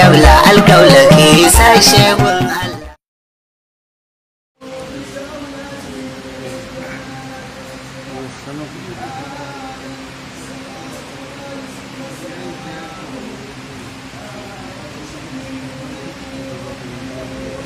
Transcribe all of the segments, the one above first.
alkaula alkaula ke sashe gun Thank you.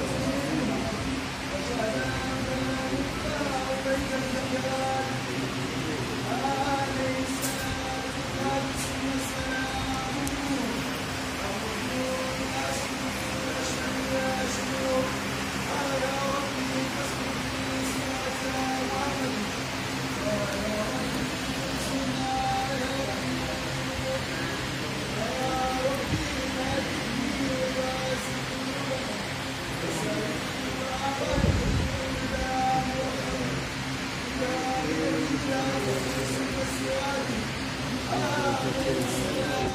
Thank you.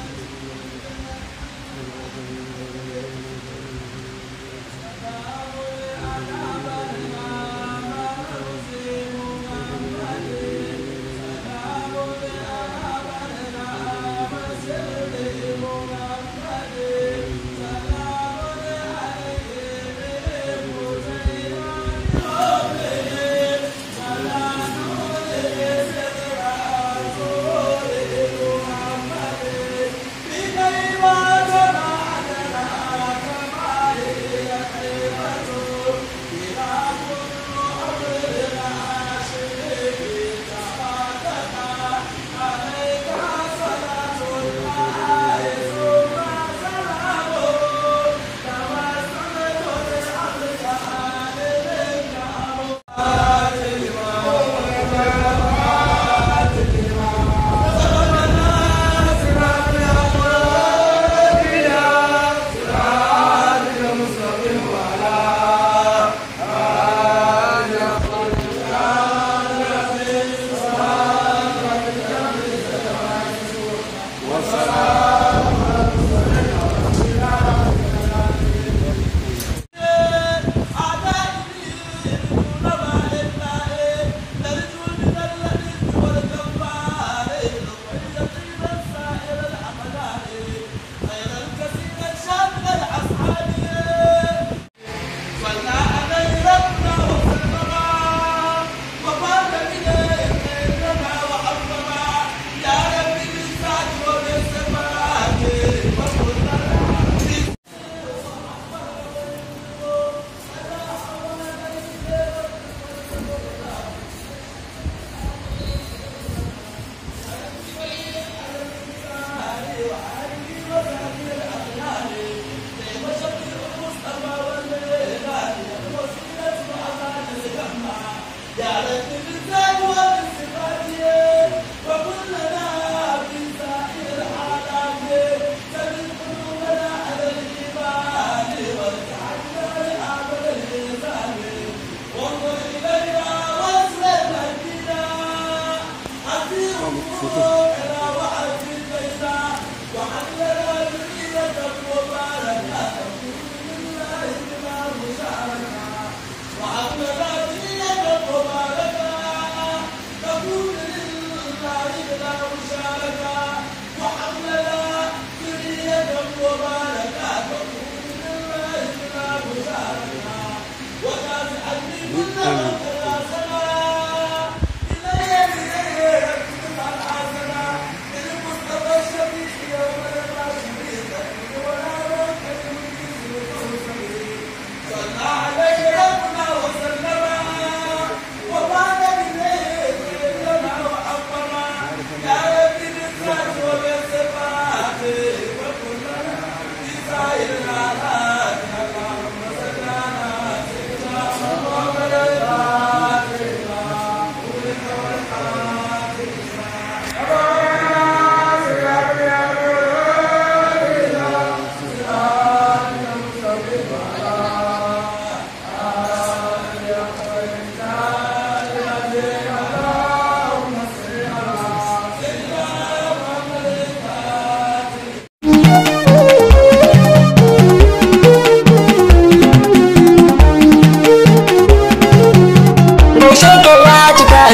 Thank you.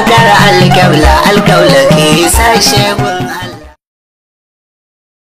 kaddara alkaula alkaula ke sashe gun